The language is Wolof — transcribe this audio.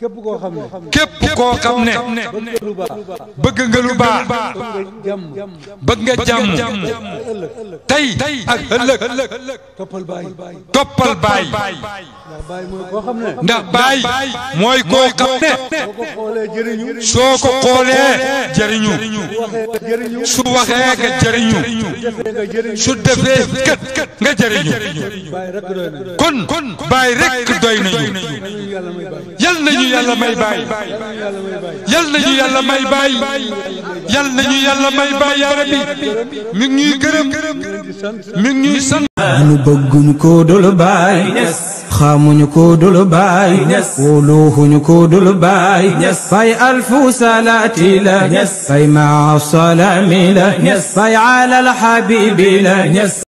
képp koo xam ne képp koo xam ne bëgg nga lu baax bëgg nga jàmm tey ak ëllëg toppal baay toppal baay ndax baay mooy koo xam ne soo ko xoolee jëriñu su waxee nga jëriñu su defee kët nga jëriñu kon kon bàyyi rek doy nañu yal nañu yàlla may bàyyi yal nañu yàlla may bàyyi yal nañu yàlla may bàyyi yaa rabbi mi ngi ñuy gërëm mi ngi ñuy sant nu bëgguñu ko dul baay xamuñu ko dul baay ko dul fay alfu salaati la fay maa salaami la fay ala alxabibi la